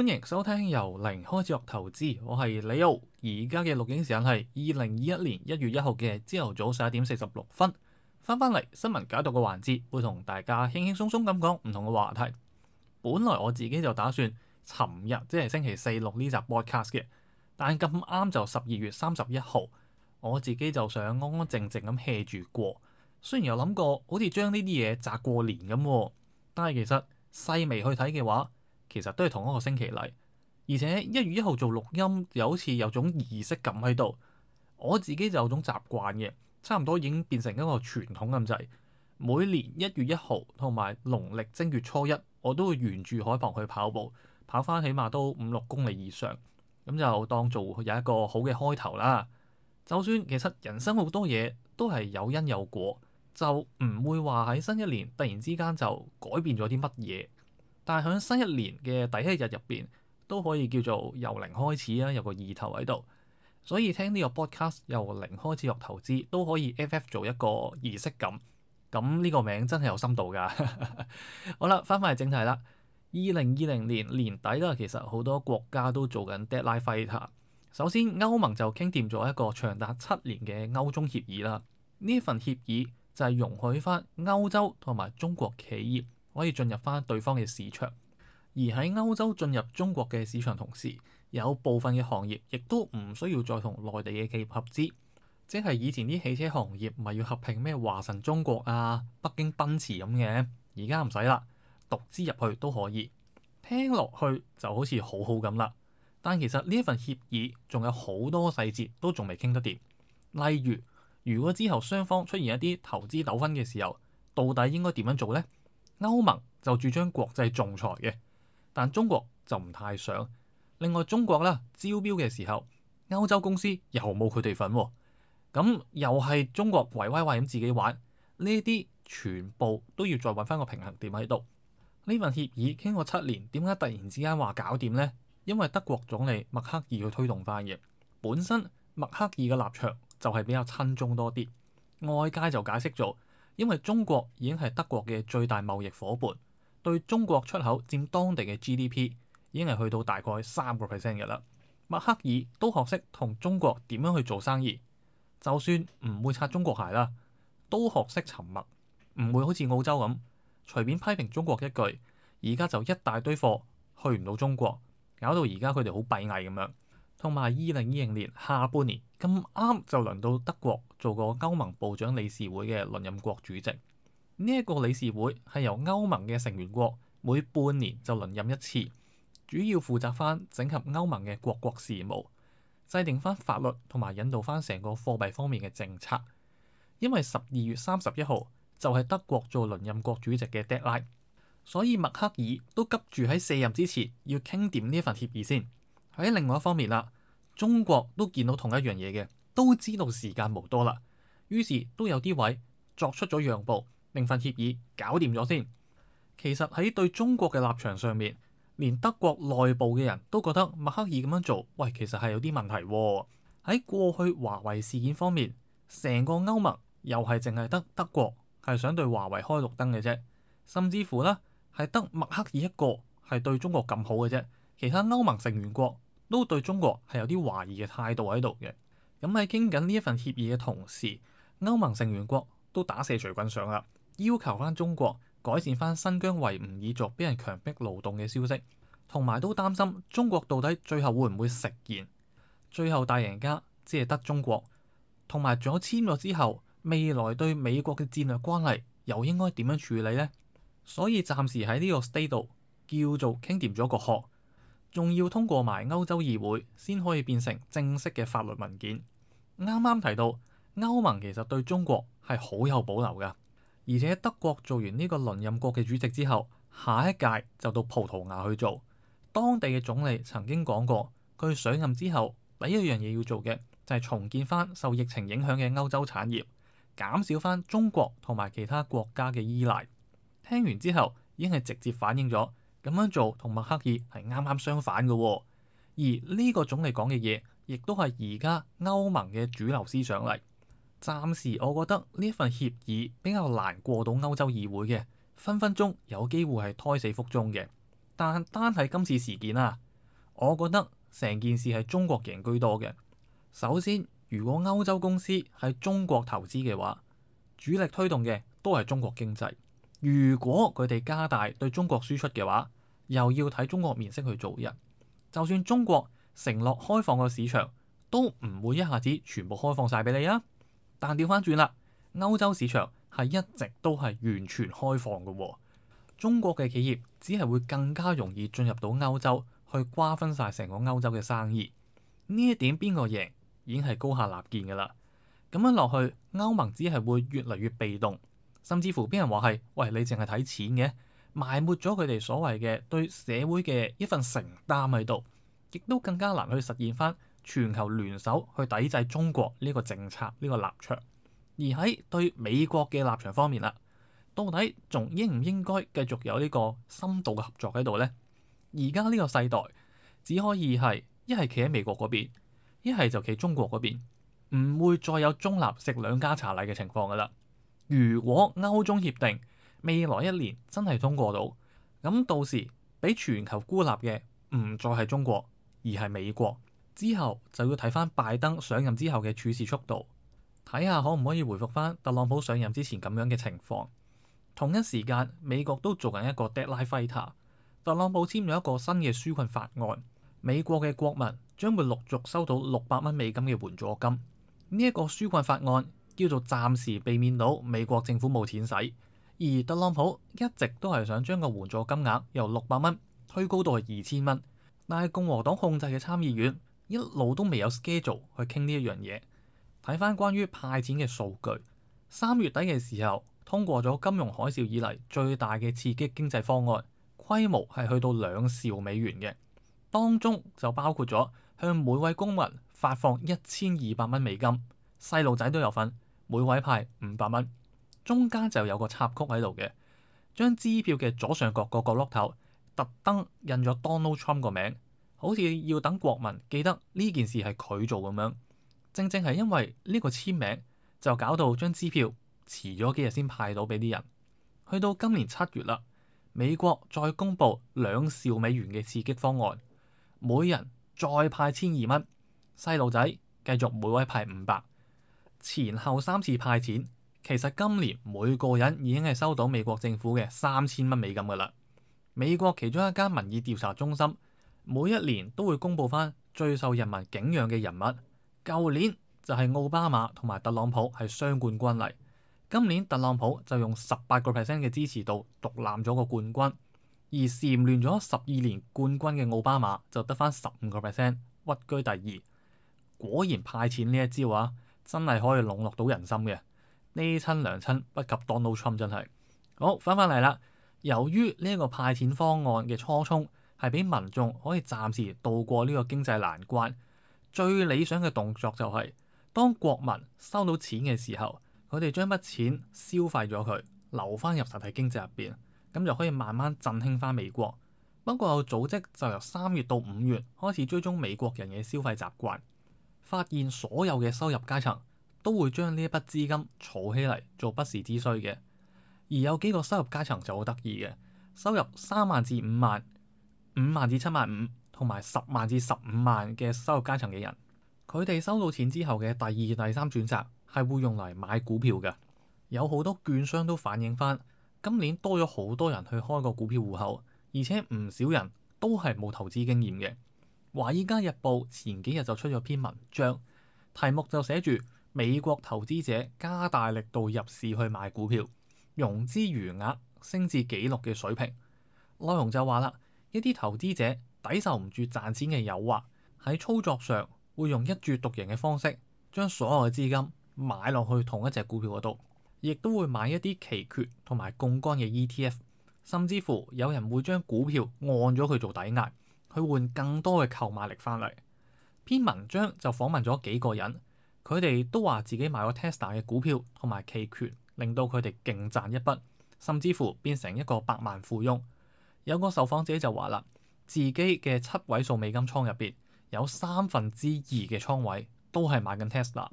歡迎收聽由零開始學投資，我係李奧，而家嘅錄影時間係二零二一年一月一號嘅朝頭早十一點四十六分。翻返嚟新聞解讀嘅環節，會同大家輕輕鬆鬆咁講唔同嘅話題。本來我自己就打算尋日即係星期四錄呢集 podcast 嘅，但咁啱就十二月三十一號，我自己就想安安靜靜咁歇住過。雖然有諗過好似將呢啲嘢摘過年咁，但係其實細微去睇嘅話，其實都係同一個星期嚟，而且一月一號做錄音，有好似有種儀式感喺度。我自己就有種習慣嘅，差唔多已經變成一個傳統咁滯。每年一月一號同埋農曆正月初一，我都會沿住海旁去跑步，跑翻起碼都五六公里以上，咁就當做有一個好嘅開頭啦。就算其實人生好多嘢都係有因有果，就唔會話喺新一年突然之間就改變咗啲乜嘢。但係喺新一年嘅第一日入邊都可以叫做由零開始啦，有個意頭喺度，所以聽呢個 podcast 由零開始學投資都可以 F F 做一個儀式感。咁、嗯、呢、這個名真係有深度㗎。 好啦，翻返嚟正題啦。二零二零年年底啦，其實好多國家都做緊 deadline fighter。首先，歐盟就傾掂咗一個長達七年嘅歐中協議啦。呢份協議就係容許翻歐洲同埋中國企業。可以進入返對方嘅市場，而喺歐洲進入中國嘅市場同時，有部分嘅行業亦都唔需要再同內地嘅企業合資，即係以前啲汽車行業咪要合併咩華晨中國啊、北京奔馳咁嘅，而家唔使啦，獨資入去都可以。聽落去就好，好似好好咁啦，但其實呢一份協議仲有好多細節都仲未傾得掂，例如如果之後雙方出現一啲投資糾紛嘅時候，到底應該點樣做呢？歐盟就主張國際仲裁嘅，但中國就唔太想。另外，中國啦，招標嘅時候，歐洲公司又冇佢哋份喎、哦。咁又係中國圍威喂咁自己玩，呢啲全部都要再揾翻個平衡點喺度。呢份協議傾咗七年，點解突然之間話搞掂呢？因為德國總理默克爾去推動翻嘅。本身默克爾嘅立場就係比較親中多啲，外界就解釋咗。因為中國已經係德國嘅最大貿易伙伴，對中國出口佔當地嘅 GDP 已經係去到大概三個 percent 嘅啦。默克爾都學識同中國點樣去做生意，就算唔會擦中國鞋啦，都學識沉默，唔會好似澳洲咁隨便批評中國一句，而家就一大堆貨去唔到中國，搞到而家佢哋好閉翳咁樣。同埋二零二零年下半年咁啱就輪到德國，做過歐盟部長理事會嘅輪任國主席，呢、這、一個理事會係由歐盟嘅成員國每半年就輪任一次，主要負責返整合歐盟嘅各國事務，制定返法律同埋引導返成個貨幣方面嘅政策。因為十二月三十一號就係德國做輪任國主席嘅 deadline，所以默克爾都急住喺卸任之前要傾掂呢份協議先。喺另外一方面啦，中國都見到同一樣嘢嘅。都知道時間無多啦，於是都有啲位作出咗讓步，令份協議搞掂咗先。其實喺對中國嘅立場上面，連德國內部嘅人都覺得默克爾咁樣做，喂，其實係有啲問題喎、哦。喺過去華為事件方面，成個歐盟又係淨係得德國係想對華為開綠燈嘅啫，甚至乎呢，係得默克爾一個係對中國咁好嘅啫，其他歐盟成員國都對中國係有啲懷疑嘅態度喺度嘅。咁喺傾緊呢一份協議嘅同時，歐盟成員國都打蛇隨棍上啦，要求翻中國改善翻新疆維吾爾族俾人強迫勞動嘅消息，同埋都擔心中國到底最後會唔會食言？最後大贏家只係得中國，同埋仲有簽咗之後，未來對美國嘅戰略關係又應該點樣處理呢？所以暫時喺呢個 state 度叫做傾掂咗個殼。仲要通過埋歐洲議會先可以變成正式嘅法律文件。啱啱提到歐盟其實對中國係好有保留嘅，而且德國做完呢個輪任國嘅主席之後，下一屆就到葡萄牙去做。當地嘅總理曾經講過，佢上任之後第一樣嘢要做嘅就係重建翻受疫情影響嘅歐洲產業，減少翻中國同埋其他國家嘅依賴。聽完之後，已經係直接反映咗。咁樣做同默克爾係啱啱相反嘅、哦，而呢個總理講嘅嘢，亦都係而家歐盟嘅主流思想嚟。暫時我覺得呢份協議比較難過到歐洲議會嘅，分分鐘有機會係胎死腹中嘅。但單係今次事件啊，我覺得成件事係中國贏居多嘅。首先，如果歐洲公司喺中國投資嘅話，主力推動嘅都係中國經濟。如果佢哋加大對中國輸出嘅話，又要睇中國面色去做人，就算中國承諾開放個市場，都唔會一下子全部開放晒俾你啊！但調翻轉啦，歐洲市場係一直都係完全開放嘅喎，哦。中國嘅企業只係會更加容易進入到歐洲去瓜分晒成個歐洲嘅生意。呢一點邊個贏已經係高下立見嘅啦。咁樣落去，歐盟只係會越嚟越被動，甚至乎邊人話係，喂，你淨係睇錢嘅。埋沒咗佢哋所謂嘅對社會嘅一份承擔喺度，亦都更加難去實現翻全球聯手去抵制中國呢個政策、呢個立場。而喺對美國嘅立場方面啦，到底仲應唔應該繼續有呢個深度嘅合作喺度呢？而家呢個世代只可以係一係企喺美國嗰邊，一係就企中國嗰邊，唔會再有中立食兩家茶禮嘅情況噶啦。如果歐中協定，未來一年真係通過到，咁到時俾全球孤立嘅唔再係中國，而係美國。之後就要睇翻拜登上任之後嘅處事速度，睇下可唔可以回復翻特朗普上任之前咁樣嘅情況。同一時間，美國都做緊一個 deadline fighter，特朗普簽咗一個新嘅紓困法案，美國嘅國民將會陸續收到六百蚊美金嘅援助金。呢、這、一個紓困法案叫做暫時避免到美國政府冇錢使。而特朗普一直都係想將個援助金額由六百蚊推高到係二千蚊，但係共和黨控制嘅參議院一路都未有 schedule 去傾呢一樣嘢。睇翻關於派錢嘅數據，三月底嘅時候通過咗金融海嘯以嚟最大嘅刺激經濟方案，規模係去到兩兆美元嘅，當中就包括咗向每位公民發放一千二百蚊美金，細路仔都有份，每位派五百蚊。中間就有個插曲喺度嘅，將支票嘅左上角個角落頭特登印咗 Donald Trump 個名，好似要等國民記得呢件事係佢做咁樣。正正係因為呢個簽名，就搞到張支票遲咗幾日先派到俾啲人。去到今年七月啦，美國再公布兩兆美元嘅刺激方案，每人再派千二蚊，細路仔繼續每位派五百，前後三次派錢。其實今年每個人已經係收到美國政府嘅三千蚊美金噶啦。美國其中一間民意調查中心每一年都會公布翻最受人民敬仰嘅人物，舊年就係奧巴馬同埋特朗普係雙冠軍嚟。今年特朗普就用十八個 percent 嘅支持度獨攬咗個冠軍，而蟬聯咗十二年冠軍嘅奧巴馬就得翻十五個 percent，屈居第二。果然派錢呢一招啊，真係可以籠絡到人心嘅。爹親娘親不及 Donald Trump，真係好翻返嚟啦！由於呢一個派錢方案嘅初衷係俾民眾可以暫時度過呢個經濟難關，最理想嘅動作就係、是、當國民收到錢嘅時候，佢哋將筆錢消費咗佢，留翻入實體經濟入邊，咁就可以慢慢振興翻美國。不過有組織就由三月到五月開始追蹤美國人嘅消費習慣，發現所有嘅收入階層，都會將呢一筆資金儲起嚟做不時之需嘅。而有幾個收入階層就好得意嘅，收入三萬至五萬、五萬至七萬五同埋十萬至十五萬嘅收入階層嘅人，佢哋收到錢之後嘅第二、第三選擇係會用嚟買股票嘅。有好多券商都反映翻，今年多咗好多人去開個股票戶口，而且唔少人都係冇投資經驗嘅。《華爾街日報》前幾日就出咗篇文章，題目就寫住。美國投資者加大力度入市去買股票，融資餘額升至紀錄嘅水平。內容就話啦，一啲投資者抵受唔住賺錢嘅誘惑，喺操作上會用一注獨贏嘅方式，將所有嘅資金買落去同一隻股票嗰度，亦都會買一啲奇缺同埋槓桿嘅 ETF，甚至乎有人會將股票按咗佢做抵押，去換更多嘅購買力翻嚟。篇文章就訪問咗幾個人。佢哋都話自己買咗 Tesla 嘅股票同埋期權，令到佢哋勁賺一筆，甚至乎變成一個百萬富翁。有個受訪者就話啦，自己嘅七位數美金倉入邊有三分之二嘅倉位都係買緊 Tesla。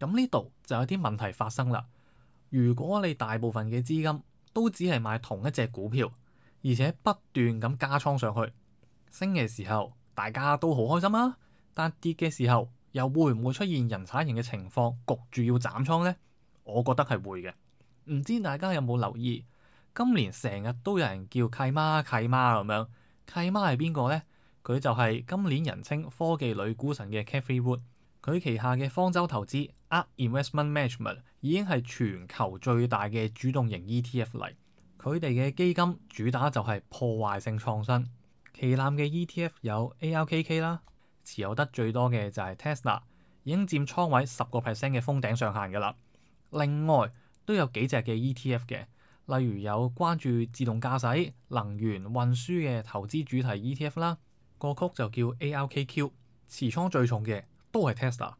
咁呢度就有啲問題發生啦。如果你大部分嘅資金都只係買同一隻股票，而且不斷咁加倉上去，升嘅時候大家都好開心啊，但跌嘅時候，又會唔會出現人踩人嘅情況，焗住要斬倉呢？我覺得係會嘅。唔知大家有冇留意，今年成日都有人叫契媽契媽咁樣。契媽係邊個呢？佢就係今年人稱科技女股神嘅 Kathy Wood。佢旗下嘅方舟投資 ARK Investment Management 已經係全球最大嘅主動型 ETF 嚟。佢哋嘅基金主打就係破壞性創新。旗艦嘅 ETF 有 ARKK 啦。持有得最多嘅就係 Tesla，已經佔倉位十個 percent 嘅封頂上限㗎喇。另外都有幾隻嘅 ETF 嘅，例如有關注自動駕駛、能源運輸嘅投資主題 ETF 啦，個曲就叫 ARKQ，持倉最重嘅都係 Tesla。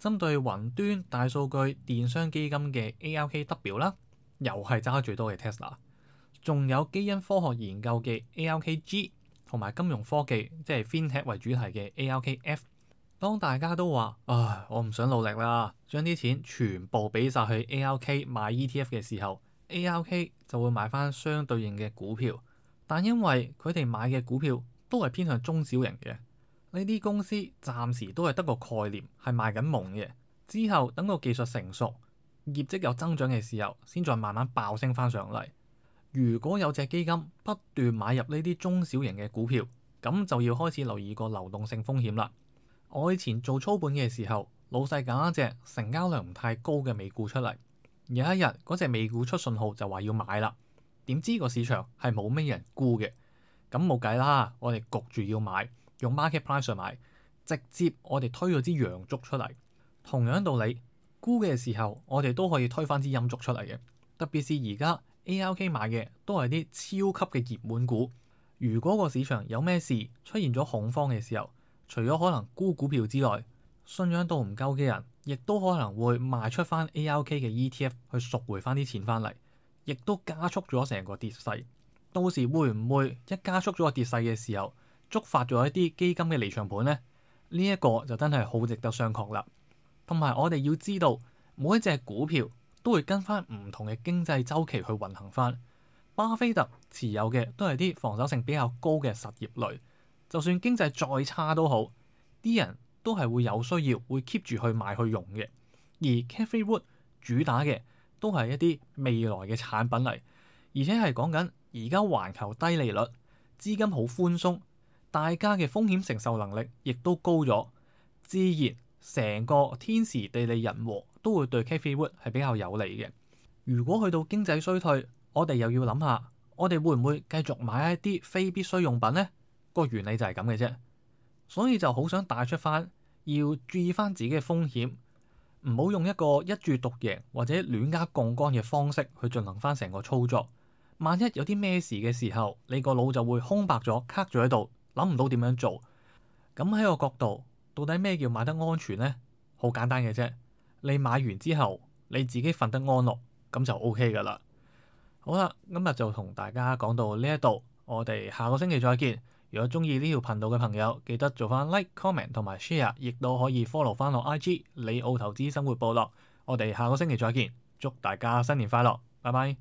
針對雲端、大數據、電商基金嘅 ARKW 啦，又係揸得最多嘅 Tesla。仲有基因科學研究嘅 ARKG。同埋金融科技即係 FinTech 為主題嘅 ARKF，當大家都話，唉，我唔想努力啦，將啲錢全部俾晒去 ARK 買 ETF 嘅時候，ARK 就會買翻相對應嘅股票。但因為佢哋買嘅股票都係偏向中小型嘅，呢啲公司暫時都係得個概念，係賣緊夢嘅。之後等個技術成熟、業績有增長嘅時候，先再慢慢爆升翻上嚟。如果有隻基金不斷買入呢啲中小型嘅股票，咁就要開始留意個流動性風險啦。我以前做操盤嘅時候，老細揀一隻成交量唔太高嘅美股出嚟，有一日嗰隻美股出信號就話要買啦。點知個市場係冇咩人沽嘅，咁冇計啦，我哋焗住要買，用 market price 去買，直接我哋推咗支陽燭出嚟。同樣道理，沽嘅時候我哋都可以推返支陰燭出嚟嘅，特別係而家。ARK 買嘅都係啲超級嘅熱門股，如果個市場有咩事出現咗恐慌嘅時候，除咗可能沽股票之外，信仰度唔夠嘅人，亦都可能會賣出翻 ARK 嘅 ETF 去贖回翻啲錢翻嚟，亦都加速咗成個跌勢。到時會唔會一加速咗個跌勢嘅時候，觸發咗一啲基金嘅離場盤呢？呢、呢、一個就真係好值得商榷啦。同埋我哋要知道每一隻股票。都會跟翻唔同嘅經濟周期去運行翻。巴菲特持有嘅都係啲防守性比較高嘅實業類，就算經濟再差都好，啲人都係會有需要，會 keep 住去買去用嘅。而 Cathie Wood 主打嘅都係一啲未來嘅產品嚟，而且係講緊而家環球低利率、資金好寬鬆，大家嘅風險承受能力亦都高咗，自然成個天時地利人和，都會對 Cathie Wood 係比較有利嘅。如果去到經濟衰退，我哋又要諗下，我哋會唔會繼續買一啲非必需用品呢？個原理就係咁嘅啫，所以就好想帶出翻，要注意翻自己嘅風險，唔好用一個一注獨贏或者亂加槓杆嘅方式去進行翻成個操作。萬一有啲咩事嘅時候，你個腦就會空白咗，卡咗喺度，諗唔到點樣做。咁喺個角度，到底咩叫買得安全呢？好簡單嘅啫。你買完之後，你自己瞓得安樂，咁就 OK 㗎喇。好喇，今日就同大家講到呢一度，我哋下個星期再見。如果鍾意呢條頻道嘅朋友，記得做返 Like、Comment 同埋 Share，亦都可以 follow 返我 IG 李奧投資生活部落。我哋下個星期再見，祝大家新年快樂，拜拜。